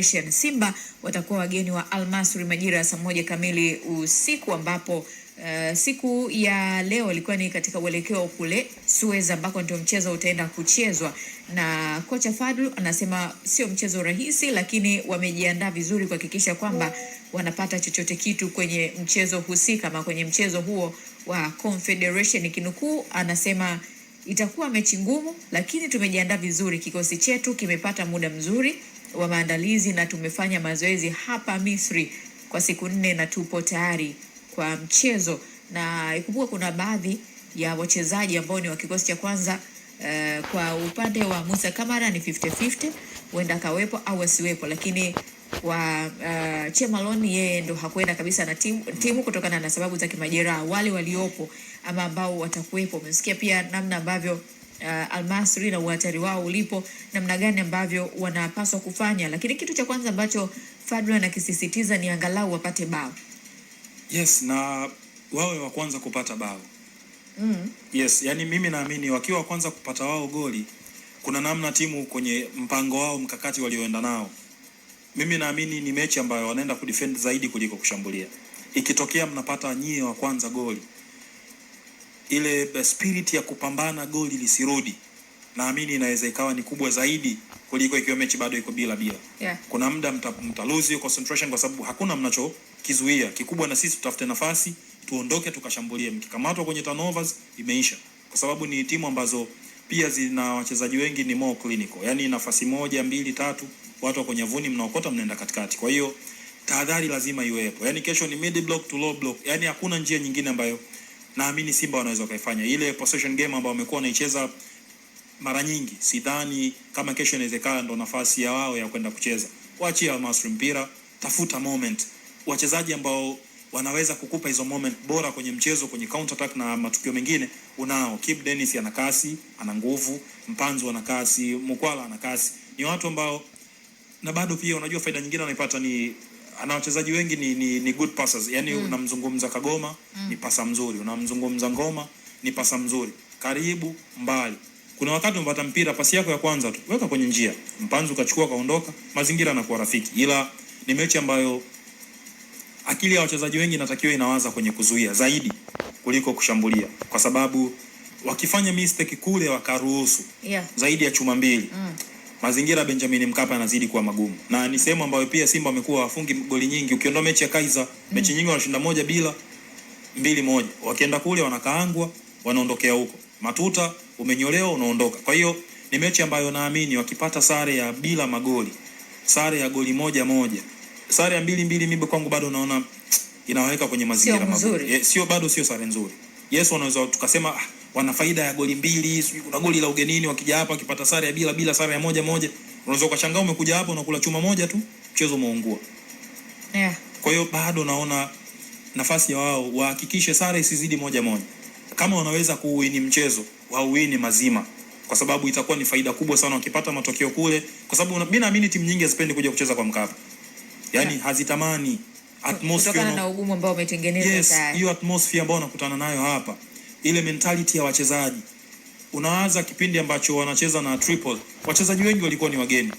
Asian Simba watakuwa wageni wa Almasri majira ya saa moja kamili usiku ambapo uh, siku ya leo ilikuwa ni katika uelekeo kule Suez ambako ndio mchezo utaenda kuchezwa, na kocha Fadlu anasema sio mchezo rahisi, lakini wamejiandaa vizuri kuhakikisha kwamba wanapata chochote kitu kwenye mchezo husika ama kwenye mchezo huo wa Confederation. Kinukuu anasema itakuwa mechi ngumu, lakini tumejiandaa vizuri, kikosi chetu kimepata muda mzuri wa maandalizi na tumefanya mazoezi hapa Misri kwa siku nne na tupo tayari kwa mchezo, na ikumbuka kuna baadhi ya wachezaji ambao ni wa kikosi cha kwanza uh, kwa upande wa Musa Kamara ni 50-50 huenda akawepo au asiwepo, lakini wa uh, eh, Chemaloni yeye ndo hakwenda kabisa na timu, timu kutokana na sababu za kimajeraha. Wale waliopo ama ambao watakuwepo, umesikia pia namna ambavyo uh, Almasri na uhatari wao ulipo, namna gani ambavyo wanapaswa kufanya. Lakini kitu cha kwanza ambacho Fadlu anakisisitiza ni angalau wapate bao. Yes, na wawe wa kwanza kupata bao. Mm. Yes, yani mimi naamini wakiwa wa kwanza kupata wao goli, kuna namna timu kwenye mpango wao mkakati walioenda nao, mimi naamini ni mechi ambayo wanaenda kudefend zaidi kuliko kushambulia. Ikitokea mnapata nyie wa kwanza goli ile eh, spirit ya kupambana goli lisirudi, naamini inaweza ikawa ni kubwa zaidi kuliko ikiwa mechi bado iko bila bila. Yeah. Kuna muda mtalose hiyo concentration kwa sababu hakuna mnachokizuia kikubwa, na sisi tutafute nafasi tuondoke, tukashambulie. Mkikamatwa kwenye turnovers imeisha, kwa sababu ni timu ambazo pia zina wachezaji wengi ni more clinical, yani nafasi moja mbili tatu watu wa kwenye vuni mnaokota, mnaenda katikati. Kwa hiyo tahadhari lazima iwepo, yani kesho ni mid block to low block, yani hakuna njia nyingine ambayo naamini Simba wanaweza kaifanya ile possession game ambayo wamekuwa wanaicheza mara nyingi. Sidhani kama kesho inawezekana ndo nafasi ya wao ya kwenda kucheza. Waachie Almasry mpira, tafuta moment, wachezaji ambao wanaweza kukupa hizo moment bora kwenye mchezo, kwenye counter attack na matukio mengine. Unao Kip Dennis, ana kasi, ana nguvu, Mpanzu ana kasi, Mkwala ana kasi, ni watu ambao na bado pia unajua faida nyingine wanaipata ni ana wachezaji wengi ni, ni, ni good passers. Yani mm. unamzungumza Kagoma mm. ni pasa mzuri, unamzungumza Ngoma ni pasa mzuri, karibu mbali. Kuna wakati unapata mpira, pasi yako ya kwanza tu weka kwenye njia, mpanzu kachukua kaondoka, mazingira yanakuwa rafiki. Ila ni mechi ambayo akili ya wachezaji wengi inatakiwa inawaza kwenye kuzuia zaidi kuliko kushambulia, kwa sababu wakifanya mistake kule wakaruhusu yeah. zaidi ya chuma mbili mm mazingira Benjamin Mkapa yanazidi kuwa magumu, na ni sehemu ambayo pia Simba wamekuwa wafungi goli nyingi. Ukiondoa mechi ya Kaizer, mechi nyingi wanashinda moja bila mbili moja, wakienda kule wanakaangwa, wanaondokea huko matuta, umenyolewa unaondoka. Kwa hiyo ni mechi ambayo naamini wakipata sare ya bila magoli, sare ya goli moja moja, sare ya mbili mbili, mimi kwangu bado naona inawaweka kwenye mazingira mazuri, eh, sio bado, sio sare nzuri. Yesu, wanaweza tukasema ah, wana faida ya goli mbili, sijui kuna goli la ugenini, wakija hapa wakipata sare ya bila bila, sare ya moja moja, unaweza ukashangaa umekuja hapa unakula chuma moja tu, mchezo umeungua. Yeah. Kwa hiyo bado naona nafasi ya wao wahakikishe sare isizidi moja moja, kama wanaweza kuwini mchezo wauwini mazima, kwa sababu itakuwa ni faida kubwa sana wakipata matokeo kule, kwa sababu mimi naamini timu nyingi hazipendi kuja kucheza kwa Mkapa, yani yeah. hazitamani atmosphere na ugumu ambao umetengenezwa yes, hiyo atmosphere ambayo wanakutana nayo hapa ile mentality ya wachezaji. Unaanza kipindi ambacho wanacheza na triple, wachezaji wengi walikuwa ni wageni.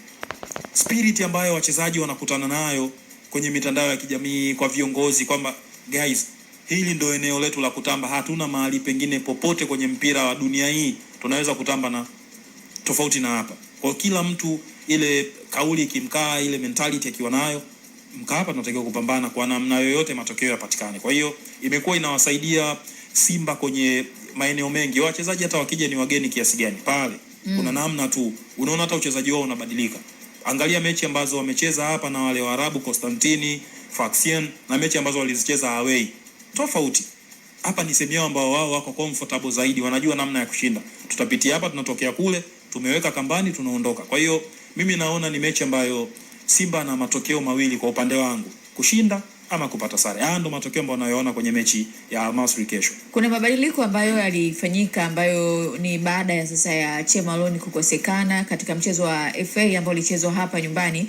Spirit ambayo wachezaji wanakutana nayo kwenye mitandao ya kijamii, kwa viongozi, kwamba guys, hili ndio eneo letu la kutamba. Hatuna mahali pengine popote kwenye mpira wa dunia hii tunaweza kutamba na tofauti na hapa. Kwa kila mtu ile kauli ikimkaa, ile mentality akiwa nayo Mkapa tunatakiwa kupambana kwa namna yoyote, matokeo yapatikane. Kwa hiyo imekuwa inawasaidia Simba kwenye maeneo mengi wachezaji hata wakija ni wageni kiasi gani pale mm. kuna namna tu unaona hata uchezaji wao unabadilika. Angalia mechi ambazo wamecheza hapa na wale Waarabu Constantini, Faxian na mechi ambazo walizicheza away, tofauti hapa ni sehemu yao ambao wao wako comfortable zaidi, wanajua namna ya kushinda. Tutapitia hapa, tunatokea kule, tumeweka kambani, tunaondoka. Kwa hiyo mimi naona ni mechi ambayo Simba na matokeo mawili kwa upande wangu, kushinda ama kupata sare. Haya ndo matokeo ambayo unayoona kwenye mechi ya Almasri kesho. Kuna mabadiliko ambayo yalifanyika ambayo ni baada ya sasa ya Chema kukosekana katika mchezo wa FA ambao ulichezwa hapa nyumbani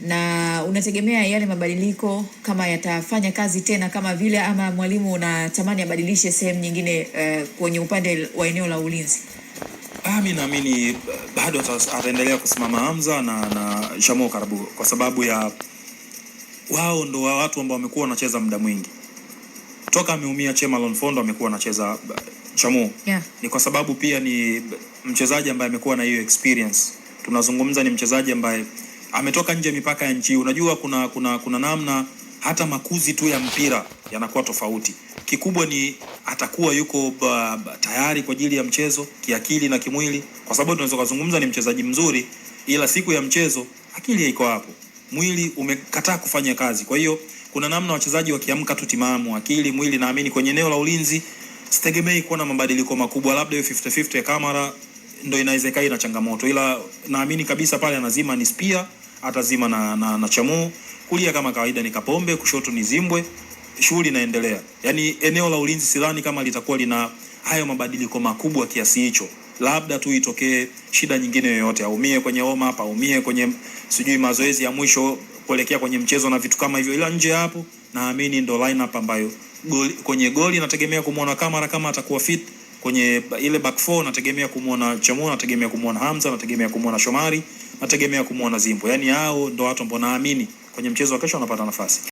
na unategemea yale mabadiliko kama yatafanya kazi tena kama vile, ama mwalimu unatamani abadilishe sehemu nyingine uh, kwenye upande wa eneo la ulinzi? Mimi ah, naamini eh, bado ataendelea kusimama Hamza na, na Shamo Karabu kwa sababu ya wao ndo watu ambao wamekuwa wanacheza muda mwingi toka ameumia Chema Lonfondo amekuwa anacheza uh, Chamu. Yeah. Ni kwa sababu pia ni uh, mchezaji ambaye amekuwa na hiyo experience. Tunazungumza ni mchezaji ambaye ametoka nje mipaka ya nchi. Unajua kuna, kuna, kuna namna hata makuzi tu ya mpira yanakuwa tofauti. Kikubwa ni atakuwa yuko ba, uh, ba, tayari kwa ajili ya mchezo kiakili na kimwili, kwa sababu tunaweza kuzungumza ni mchezaji mzuri, ila siku ya mchezo akili haiko hapo mwili umekataa kufanya kazi. Kwa hiyo kuna namna wachezaji wakiamka tu timamu, akili, mwili, naamini kwenye eneo la ulinzi sitegemei kuona mabadiliko makubwa, labda hiyo 50-50 ya kamera ndio inaweza ikawa ina changamoto, ila naamini kabisa pale anazima ni Spia atazima na, na, na Chamu. Kulia kama kawaida ni Kapombe, kushoto ni Zimbwe, shughuli inaendelea. Yani eneo la ulinzi sidhani kama litakuwa lina hayo mabadiliko makubwa kiasi hicho labda tu itokee shida nyingine yoyote, aumie kwenye homa, up, aumie kwenye sijui mazoezi ya mwisho kuelekea kwenye mchezo na vitu kama hivyo, ila nje hapo naamini ndo lineup ambayo goli, kwenye goli nategemea kumwona Kamara kama atakuwa fit kwenye ile back four nategemea kumwona chamu nategemea kumwona Hamza, nategemea kumwona Shomari, nategemea kumwona Zimbo. yani hao ndo watu ambao naamini kwenye mchezo wa kesho wanapata nafasi.